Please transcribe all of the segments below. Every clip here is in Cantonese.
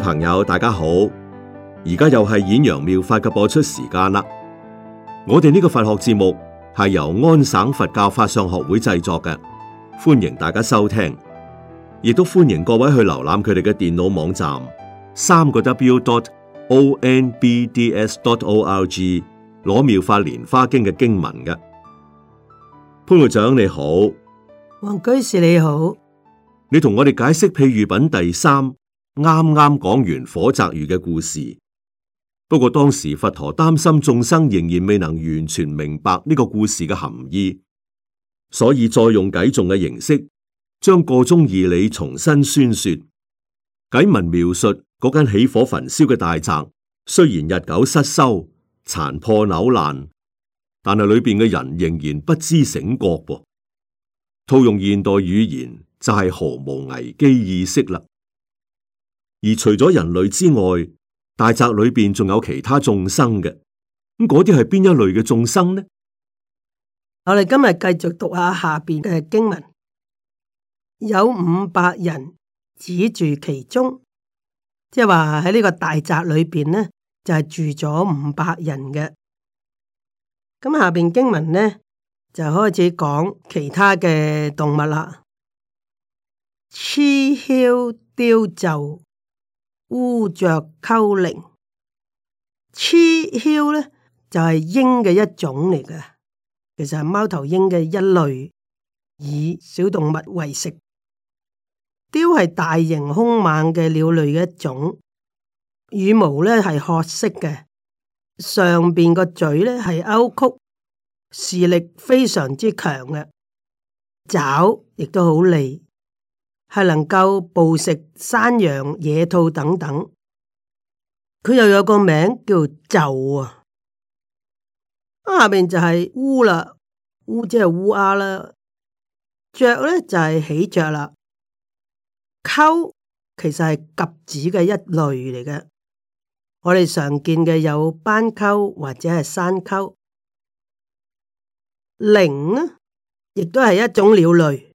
朋友，大家好！而家又係《演揚妙法》嘅播出時間啦。我哋呢個佛學節目係由安省佛教法相學會製作嘅，歡迎大家收聽，亦都歡迎各位去瀏覽佢哋嘅電腦網站：三個 W dot O N B D S dot O R G，攞《妙法蓮花經》嘅經文嘅。潘局長你好，黃居士你好，你同我哋解釋《譬喻品》第三。啱啱講完火宅喻嘅故事，不過當時佛陀擔心眾生仍然未能完全明白呢個故事嘅含義，所以再用偈頌嘅形式將個中義理重新宣說。偈文描述嗰間起火焚燒嘅大宅，雖然日久失修、殘破朽爛，但係裏邊嘅人仍然不知醒覺，哦，噃，套用現代語言就係、是、毫無危機意識啦。而除咗人類之外，大宅裏邊仲有其他眾生嘅，咁嗰啲係邊一類嘅眾生呢？我哋今日繼續讀下下邊嘅經文，有五百人止住其中，即係話喺呢個大宅裏邊呢，就係、是、住咗五百人嘅。咁下邊經文呢，就開始講其他嘅動物啦，鴟梟鵰鷲。」烏雀溝靈鸱梟呢，就係、是、鷹嘅一種嚟嘅，其實係貓頭鷹嘅一類，以小動物為食。雕係大型凶猛嘅鳥類嘅一種，羽毛呢係褐色嘅，上邊個嘴呢係勾曲，視力非常之強嘅，爪亦都好利。係能夠捕食山羊、野兔等等，佢又有一個名叫鷲啊。下面就係烏啦，烏即係烏鴉啦。雀咧就係、是、喜鵲啦。鳩其實係鴿子嘅一類嚟嘅，我哋常見嘅有斑鳩或者係山鳩。鵲咧，亦都係一種鳥類。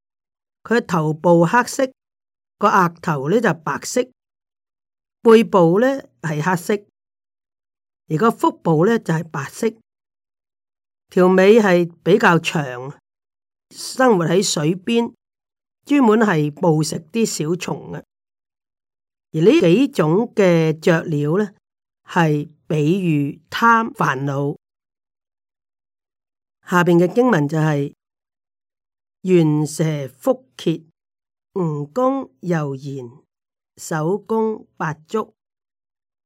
佢頭部黑色，個額頭咧就是，白色，背部咧係黑色，而個腹部咧就係，是，白色，條尾係比較長，生活喺水邊，專門係捕食啲小蟲嘅。而呢幾種嘅雀鳥咧，係比喻貪煩惱。下邊嘅經文就係，是。蚖蛇蝮蠍、蜈蚣、蚰蜒、守宮百足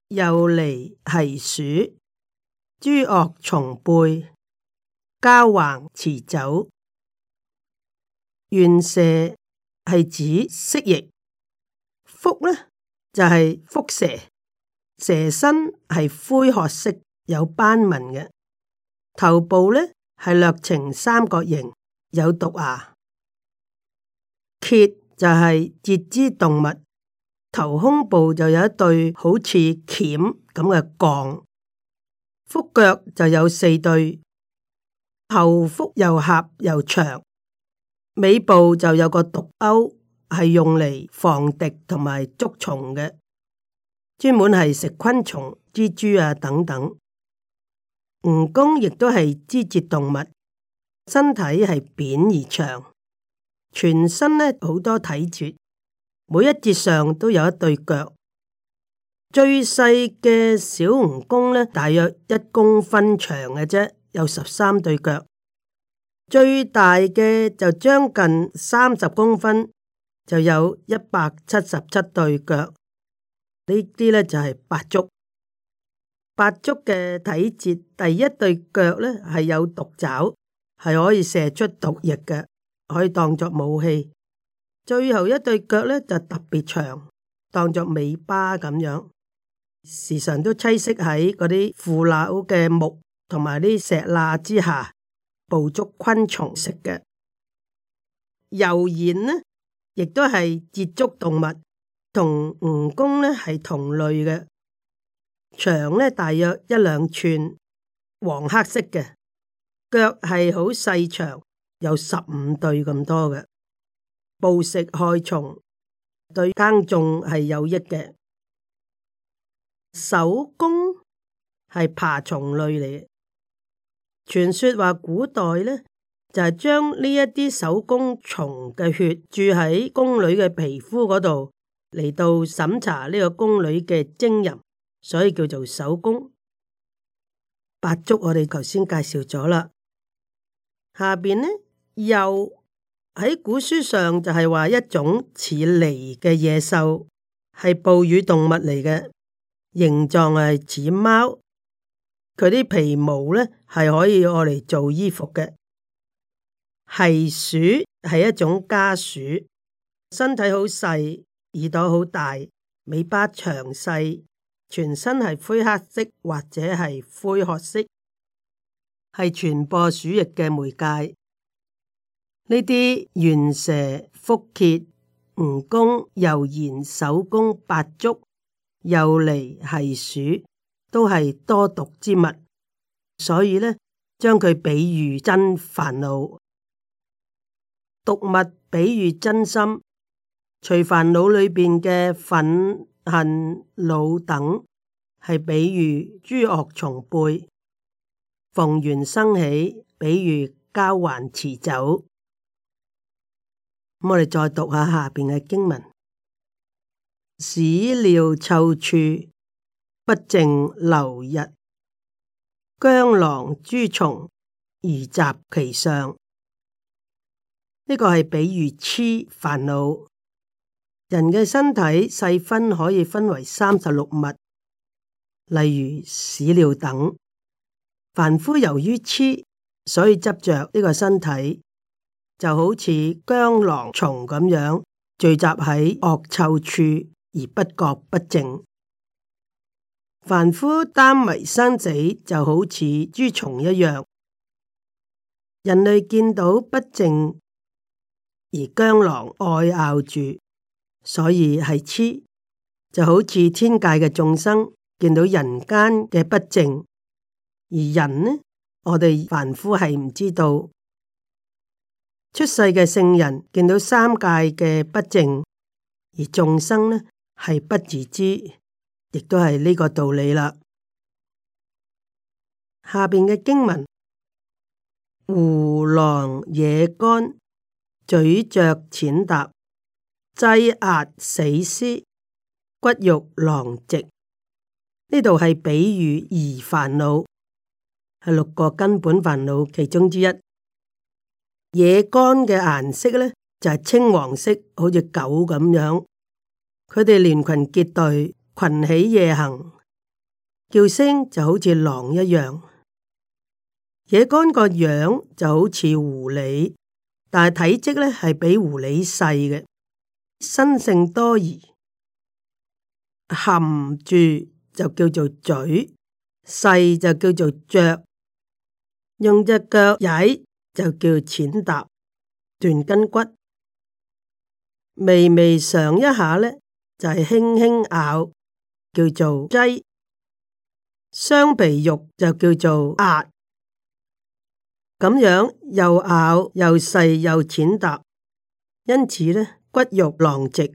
鼬狸鼷鼠、諸惡蟲輩、交橫馳走。蚖蛇係指蜥蜴，蝮咧就係、是、蝮蛇，蛇身係灰褐色，有斑紋嘅，頭部咧係略呈三角形。有毒啊！蠍就係節肢動物，頭胸部就有一對好似鉗咁嘅槓，腹腳就有四對，後腹又狹又長，尾部就有個毒鈎，係用嚟防敵同埋捉蟲嘅，專門係食昆蟲、蜘蛛啊等等。蜈蚣亦都係肢節動物。身體係扁而長，全身呢好多體節，每一節上都有一對腳。最細嘅小蜈蚣呢，大約一公分長嘅啫，有十三對腳；最大嘅就將近三十公分，就有一百七十七對腳。呢啲呢，就係八足，八足嘅體節，第一對腳呢，係有毒爪。係可以射出毒液嘅，可以當作武器。最後一對腳咧，就特別長，當作尾巴咁樣，時常都棲息喺嗰啲腐朽嘅木同埋啲石罅之下捕捉昆蟲食嘅。蚰蜒咧亦都係節足動物，同蜈蚣咧係同類嘅，長咧大約一兩寸，黃黑色嘅。腳係好細長，有十五對咁多嘅，捕食害蟲，對耕種係有益嘅。手工係爬蟲類嚟嘅，傳說話古代咧就係將呢一啲手工蟲嘅血注喺宮女嘅皮膚嗰度嚟到審查呢個宮女嘅貞淫，所以叫做手工百足我。我哋頭先介紹咗啦。下邊呢，又喺古書上就係話一種似狸嘅野獸，係哺乳動物嚟嘅，形狀係似貓，佢啲皮毛呢係可以用嚟做衣服嘅。係鼠，係一種家鼠，身體好細，耳朵好大，尾巴長細，全身係灰黑色或者係灰褐色。係傳播鼠疫嘅媒介。呢啲蚖蛇、蝮蠍、蜈蚣、蚰蜒、守宮、百足、鼬狸鼷鼠，都係多毒之物，所以呢，將佢比喻真煩惱，毒物比喻真心，隨煩惱裏邊嘅忿恨惱等，係比喻諸惡從背。逢緣生起，比喻交還遲早。我哋再讀下下邊嘅經文：屎尿臭處，不淨流溢，蜣蜋諸蟲，而集其上。呢、這個係比喻痴煩惱。人嘅身體細分可以分為三十六物，例如屎尿等。凡夫由於痴，所以執着呢個身體，就好似蜣蜋蟲咁樣聚集喺惡臭處而不覺不淨。凡夫耽迷生死，就好似豬蟲一樣。人類見到不淨而蜣蜋愛咬住，所以係痴，就好似天界嘅眾生見到人間嘅不淨。而人呢，我哋凡夫係唔知道，出世嘅聖人見到三界嘅不靜，而眾生呢係不自知，亦都係呢個道理啦。下邊嘅經文，狐狼野干，咀嚼踐踏，擠壓死屍，骨肉狼藉。呢度係比喻而煩惱。係六個根本煩惱其中之一。野干嘅顏色呢，就係青黃色，好似狗咁樣。佢哋連群結隊，群起夜行，叫聲就好似狼一樣。野干個樣就好似狐狸，但係體積呢係比狐狸細嘅，生性多疑，含住就叫做嘴，細就叫做雀。用隻腳踩就叫淺踏斷筋骨，微微嘗一下呢，就係、是、輕輕咬，叫做擠；雙鼻肉就叫做壓，咁樣又咬又細又淺踏，因此呢，骨肉狼藉，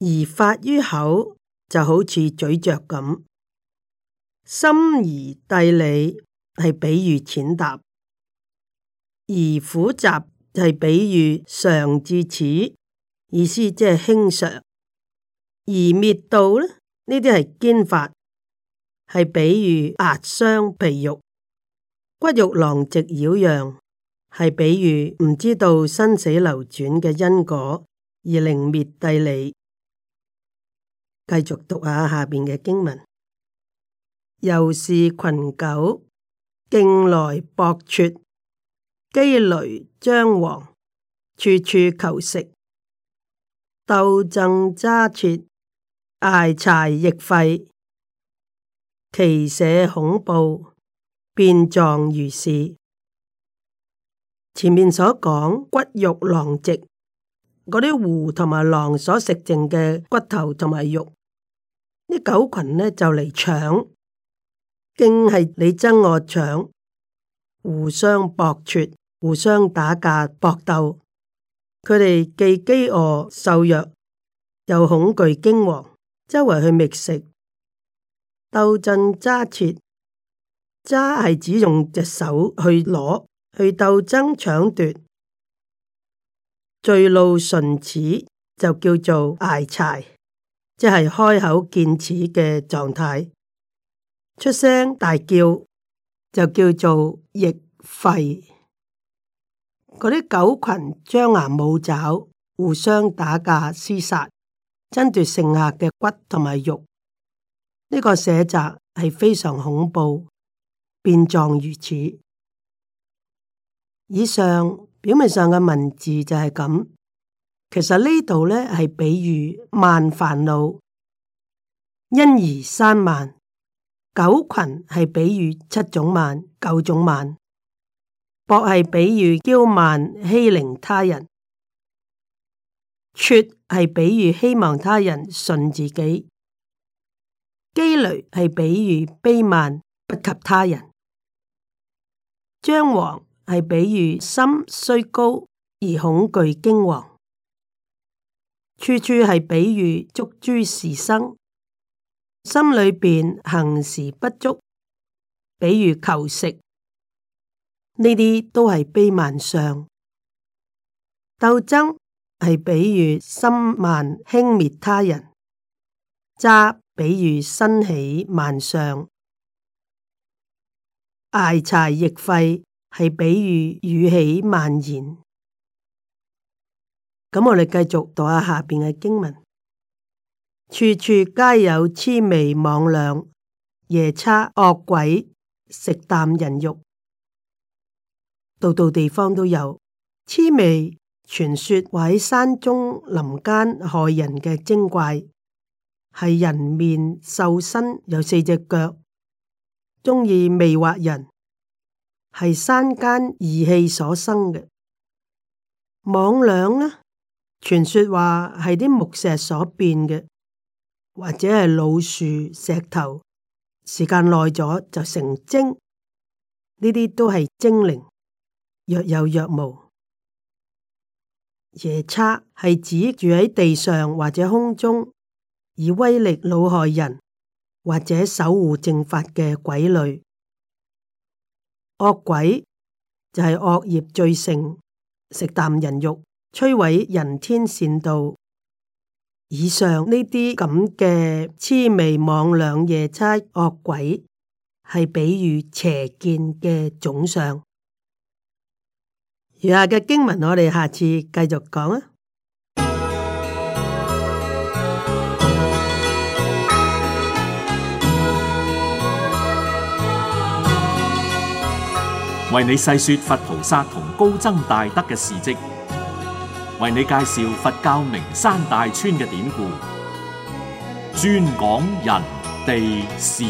而發於口就好似咀嚼咁，深而代理。係比喻淺踏，而苦集係比喻常至此，意思即係輕常；而滅道呢？呢啲係堅法，係比喻壓傷皮肉、骨肉狼藉擾攘，係比喻唔知道生死流轉嘅因果而令滅諦理。繼續讀下下邊嘅經文，又是群狗，競來搏撮，飢羸慞惶，處處求食，鬥爭揸撮，挨柴亦廢，其舍恐怖，變狀如是。前面所講骨肉狼藉，嗰啲狐同埋狼所食剩嘅骨頭同埋肉，啲狗群呢就嚟搶。竟係你爭我搶，互相搏奪，互相打架搏鬥。佢哋既飢餓瘦弱，又恐懼驚惶，周圍去覓食，鬥爭揸切，揸係指用隻手去攞去鬥爭搶奪，最露唇齒就叫做嗌柴，即係開口見齒嘅狀態。出聲大叫就叫做逆吠，嗰啲狗群張牙舞爪，互相打架廝殺，爭奪剩下嘅骨同埋肉。呢、這個寫集係非常恐怖，變狀如此。以上表面上嘅文字就係咁，其實呢度咧係比喻慢煩惱，因而生慢。九群係比喻七種慢，九種慢；博係比喻驕慢，欺凌他人；怯係比喻希望他人信自己；積累係比喻卑慢，不及他人；張皇係比喻心雖高而恐懼驚惶，惶；處處係比喻捉豬時生。心裏邊行事不足，比如求食，呢啲都係悲慢相；鬥爭係比喻心慢輕蔑他人；詐比喻身起慢相；艾柴亦廢係比喻語起慢言。咁我哋繼續讀下下邊嘅經文。處處皆有魑魅魍魎、夜叉惡鬼食啖人肉，度度地方都有。魑魅傳說喺山中林間害人嘅精怪，係人面獸身，有四隻腳，中意魅惑人，係山間異氣所生嘅。魍魎呢？傳說話係啲木石所變嘅。或者係老樹、石頭，時間耐咗就成精，呢啲都係精靈，若有若無。夜叉係指住喺地上或者空中，以威力惱害人或者守護正法嘅鬼類。惡鬼就係、是、惡業最盛，食啖人肉，摧毀人天善道。以上呢啲咁嘅魑魅魍魎、夜叉惡鬼，係比喻邪見嘅總相。以下嘅經文，我哋下次繼續講啊，為你細說佛菩薩同高僧大德嘅事跡。為你介紹佛教名山大川嘅典故，專講人地事。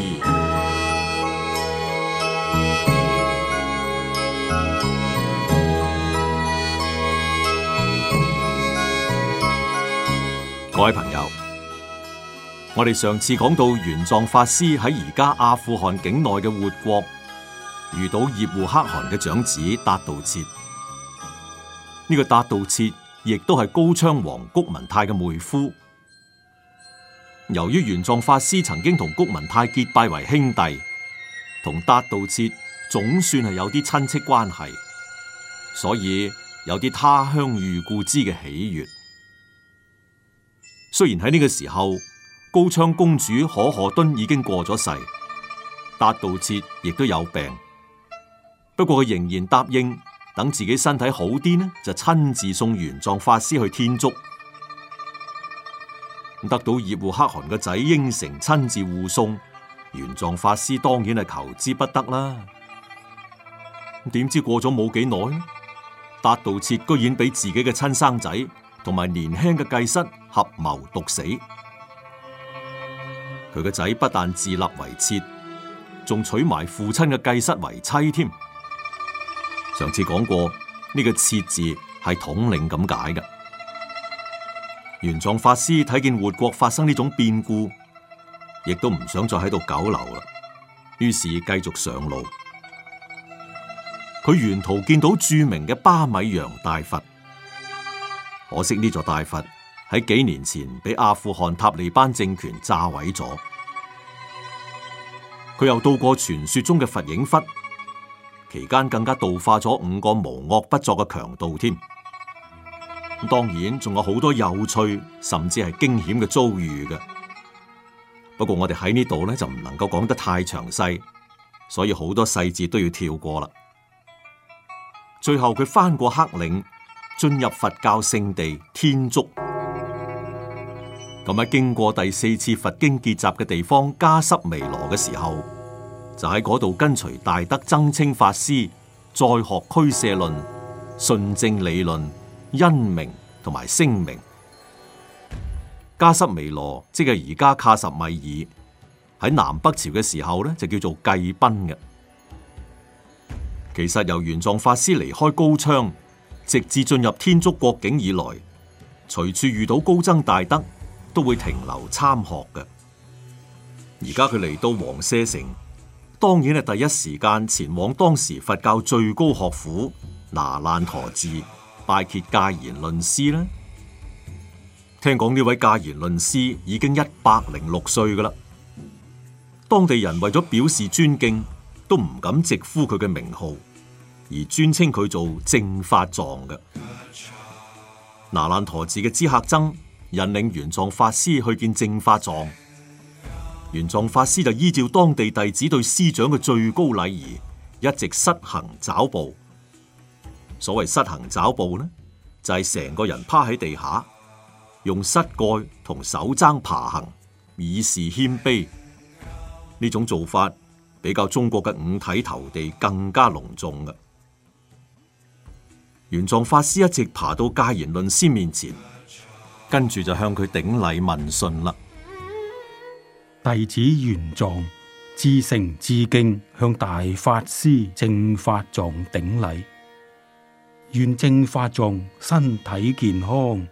各位朋友，我哋上次講到玄奘法師喺而家阿富汗境內嘅活國，遇到葉護可汗嘅長子達道切，呢、這個達道切。亦都係高昌王谷文泰嘅妹夫。由於玄奘法師曾經同谷文泰結拜為兄弟，同達道徹總算係有啲親戚關係，所以有啲他鄉遇故知嘅喜悦。雖然喺呢個時候，高昌公主可賀敦已經過咗世，達道徹亦都有病，不過佢仍然答應。等自己身體好啲呢，就親自送玄奘法師去天竺。得到葉護可汗嘅仔應承親自護送玄奘法師，當然係求之不得啦。咁點知過咗冇幾耐，達道徹居然俾自己嘅親生仔同埋年輕嘅繼室合謀毒死。佢個仔不但自立為設，仲娶埋父親嘅繼室為妻添。上次講過呢、呢個“徹”字係統領咁解嘅。玄奘法師睇見活國發生呢種變故，亦都唔想再喺度久留啦，於是繼續上路。佢沿途見到著名嘅巴米揚大佛，可惜呢座大佛喺幾年前被阿富汗塔利班政權炸毀咗。佢又到過傳說中嘅佛影窟。期間更加度化咗五個無惡不作嘅強盜添，咁當然仲有好多有趣甚至係驚險嘅遭遇嘅。不過我哋喺呢度咧就唔能夠講得太詳細，所以好多細節都要跳過啦。最後佢翻過黑嶺，進入佛教聖地天竺。咁喺經過第四次佛經結集嘅地方迦濕彌羅嘅時候。就喺嗰度跟隨大德僧稱法師再學俱舍論、順正理論、因明同埋聲明。迦濕彌羅即係而家卡什米爾喺南北朝嘅時候呢，就叫做罽賓嘅。其實由玄奘法師離開高昌，直至進入天竺國境以來，隨處遇到高僧大德，都會停留參學嘅。而家佢嚟到王舍城。當然係第一時間前往當時佛教最高學府那爛陀寺拜謁，戒賢論師啦。聽講呢位戒賢論師已經一百零六歲噶啦，當地人為咗表示尊敬，都唔敢直呼佢嘅名號，而尊稱佢做正法藏嘅。那爛陀寺嘅知客僧引領玄奘法師去見正法藏。玄奘法師就依照當地弟子對師長嘅最高禮儀，一直膝行肘步。所謂膝行肘步呢，就係、是、成個人趴喺地下，用膝蓋同手踭爬、爬行，以示謙卑。呢種做法比較中國嘅五體投地更加隆重嘅。玄奘法師一直爬到戒賢論師面前，跟住就向佢頂禮問訊啦。弟子玄奘，至誠至敬向大法師正法藏頂禮，願正法藏身體健康，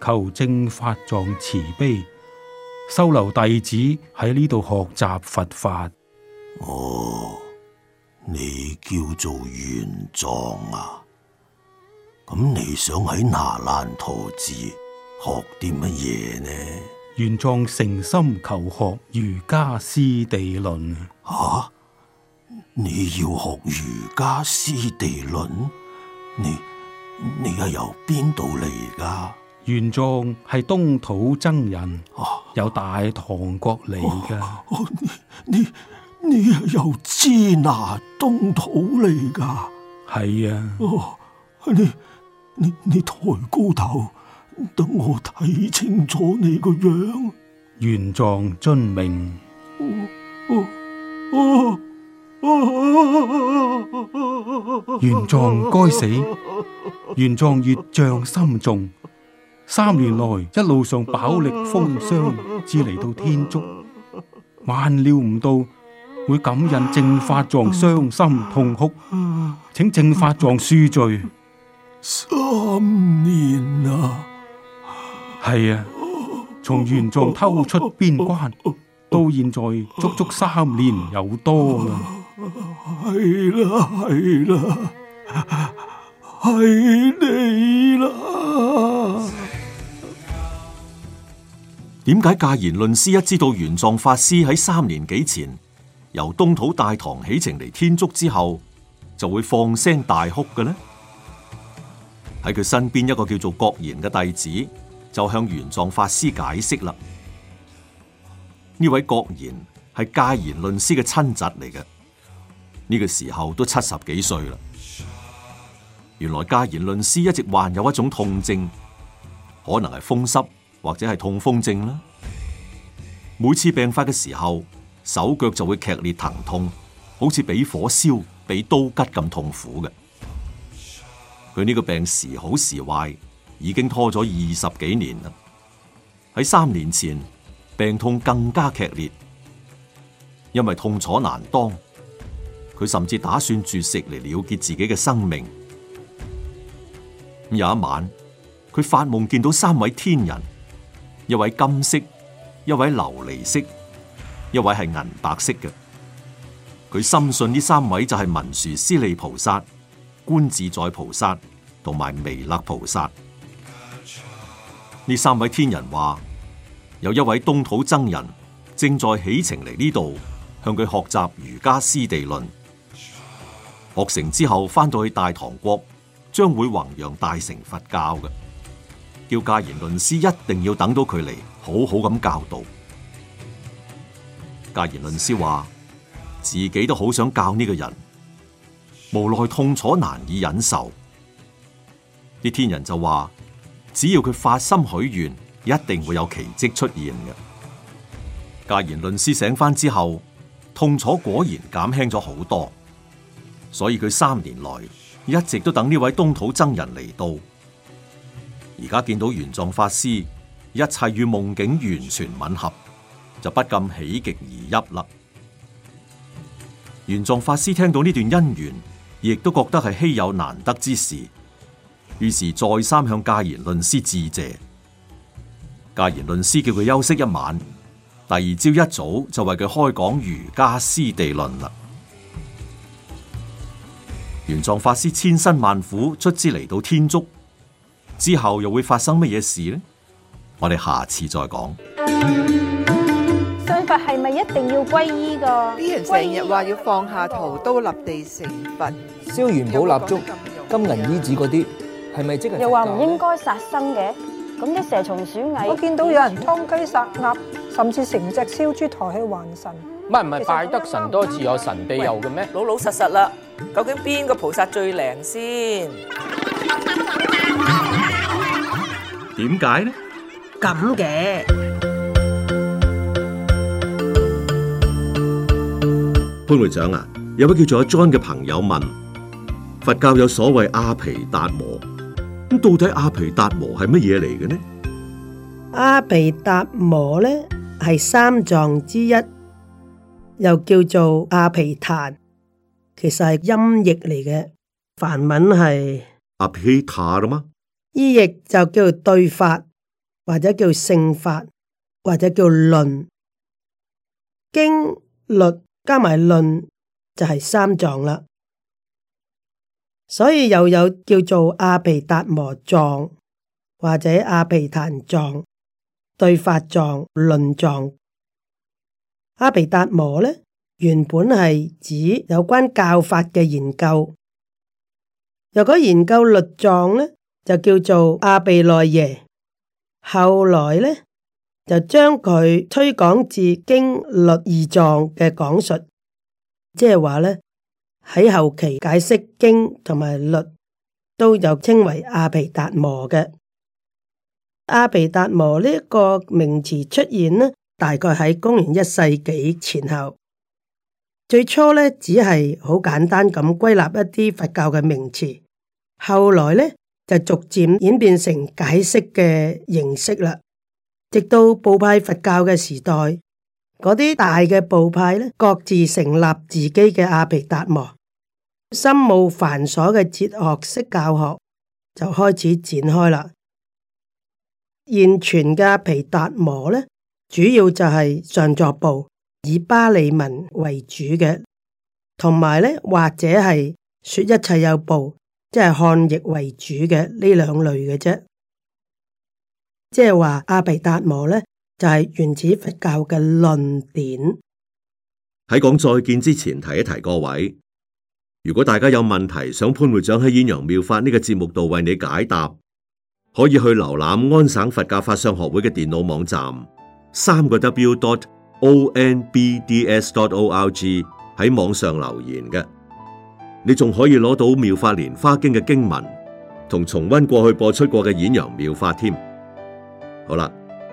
求正法藏慈悲收留弟子喺呢度學習佛法。哦，你叫做玄奘啊？咁你想喺那爛陀寺學啲乜嘢呢？玄奘誠心求學瑜伽師地論，吓、啊！你要學瑜伽師地論？你你係由邊度嚟噶？玄奘係東土僧人，啊、有大唐國嚟噶。你你係由支那東土嚟噶？係啊。你你你抬、啊啊、高頭。等我睇清楚你個樣，原狀盡明。原狀該死，原狀越障心重。三年來一路上飽歷風霜，至嚟到天竺，萬料唔到會感染正法藏傷心痛哭，請正法藏恕罪。三年啊！係啊，從玄奘偷出邊關，到現在足足三年有多啦。係啦、啊，係啦、啊，係、啊、你啦。點解戒賢論師一知道玄奘法師喺三年幾前由東土大唐起程嚟天竺之後，就會放聲大哭嘅呢？喺佢身邊一個叫做覺賢嘅弟子。就向玄奘法師解釋啦，呢位國賢係戒賢論師嘅親侄嚟嘅，呢、這個時候都七十幾歲啦。原來戒賢論師一直患有一種痛症，可能係風濕或者係痛風症啦。每次病發嘅時候，手腳就會劇烈疼痛，好似畀火燒、畀刀割咁痛苦嘅。佢呢個病時好時壞。已經拖咗二十幾年啦。喺三年前，病痛更加劇烈，因為痛楚難當，佢甚至打算絕食嚟了結自己嘅生命。有一晚，佢發夢見到三位天人，一位金色，一位琉璃色，一位係銀白色嘅。佢深信呢三位就係文殊師利菩薩、觀自在菩薩同埋彌勒菩薩。呢三位天人話：有一位東土僧人正在起程嚟呢度，向佢學習瑜伽師地論。學成之後，翻到去大唐國，將會弘揚大乘佛教嘅。叫戒賢論師一定要等到佢嚟，好好咁教導。戒賢論師話：自己都好想教呢個人，無奈痛楚難以忍受。啲天人就話。只要佢發心許願，一定會有奇迹出現嘅。戒賢論師醒翻之後，痛楚果然減輕咗好多，所以佢三年來一直都等呢位東土僧人嚟到。而家見到玄奘法師，一切與夢境完全吻合，就不禁喜極而泣啦。玄奘法師聽到呢段因緣，亦都覺得係稀有難得之事。於是再三向戒賢論師致謝，戒賢論師叫佢休息一晚，第二朝一早就為佢開講瑜伽師地論啦。玄奘法師千辛萬苦出資嚟到天竺，之後又會發生乜嘢事呢？我哋下次再講。信佛係咪一定要皈依㗎？啲人成日話要放下屠刀立地成佛，燒元寶、蠟燭、金銀衣紙嗰啲。又話唔應該殺生嘅，咁啲蛇蟲鼠蟻，我見到有人劏雞殺鴨，甚至成隻燒豬抬去還神。唔係唔係，拜得神多自有神庇佑嘅咩？老老實實啦，究竟邊個菩薩最靈先？點解呢？咁嘅潘會長啊，有位叫做 John 嘅朋友問佛教有所謂阿毗達磨。咁到底阿毗達磨係乜嘢嚟嘅呢？阿毗達磨呢係三藏之一，又叫做阿毗曇，其實係音譯嚟嘅，梵文係阿毗曇啦嘛。意譯就叫做對法，或者叫勝法，或者叫論。經、律加埋論就係、是、三藏啦。所以又有叫做阿毗達摩藏或者阿毗曇藏、對法藏、論藏。阿毗達摩呢，原本係指有關教法嘅研究。如果研究律藏呢，就叫做阿毗奈耶。後來呢，就將佢推廣至經律二藏嘅講述，即係話呢。喺後期解釋經同埋律，都有稱為阿毗達磨嘅。阿毗達磨呢一個名詞出現呢，大概喺公元一世紀前後。最初呢，只係好簡單咁歸納一啲佛教嘅名詞，後來呢就逐漸演變成解釋嘅形式啦。直到部派佛教嘅時代。嗰啲大嘅部派咧，各自成立自己嘅阿毗達磨，深奧繁瑣嘅哲學式教學就開始展開啦。現存嘅阿毗達磨咧，主要就係上座部以巴利文為主嘅，同埋咧或者係說一切有部，即係漢譯為主嘅呢兩類嘅啫。即係話阿毗達磨咧。就係原始佛教嘅論點。喺講再見之前提一提各位，如果大家有問題想潘會長喺《演揚妙法》呢個節目度為你解答，可以去瀏覽安省佛教法相學會嘅電腦網站，三個 w dot o n b d s dot o r g 喺網上留言嘅。你仲可以攞到《妙法蓮華經》嘅經文同重溫過去播出過嘅《演揚妙法》添。好啦。